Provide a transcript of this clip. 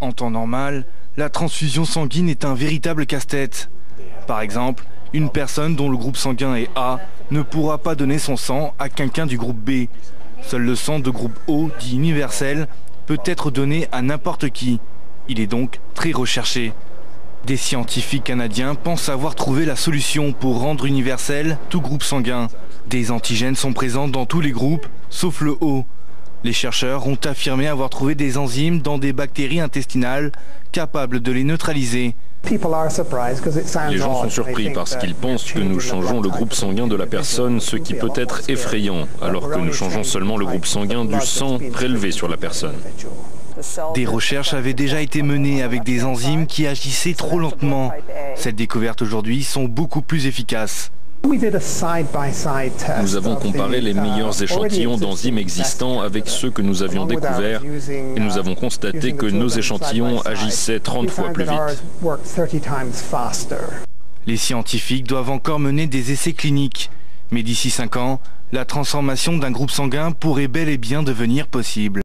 En temps normal, la transfusion sanguine est un véritable casse-tête. Par exemple, une personne dont le groupe sanguin est A ne pourra pas donner son sang à quelqu'un du groupe B. Seul le sang de groupe O, dit universel, peut être donné à n'importe qui. Il est donc très recherché. Des scientifiques canadiens pensent avoir trouvé la solution pour rendre universel tout groupe sanguin. Des antigènes sont présents dans tous les groupes, sauf le O, les chercheurs ont affirmé avoir trouvé des enzymes dans des bactéries intestinales capables de les neutraliser. Les gens sont surpris parce qu'ils pensent que nous changeons le groupe sanguin de la personne, ce qui peut être effrayant, alors que nous changeons seulement le groupe sanguin du sang prélevé sur la personne. Des recherches avaient déjà été menées avec des enzymes qui agissaient trop lentement. Cette découverte aujourd'hui sont beaucoup plus efficaces. Nous avons comparé les uh, meilleurs échantillons d'enzymes existants avec ceux que nous avions découverts et nous uh, avons constaté que nos échantillons agissaient 30 fois plus vite. Les scientifiques doivent encore mener des essais cliniques, mais d'ici 5 ans, la transformation d'un groupe sanguin pourrait bel et bien devenir possible.